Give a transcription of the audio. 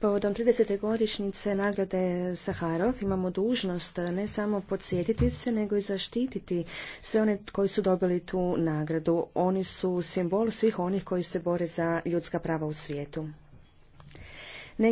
Povodom 30. godišnjice nagrade Saharov imamo dužnost ne samo podsjetiti se, nego i zaštititi sve one koji su dobili tu nagradu. Oni su simbol svih onih koji se bore za ljudska prava u svijetu.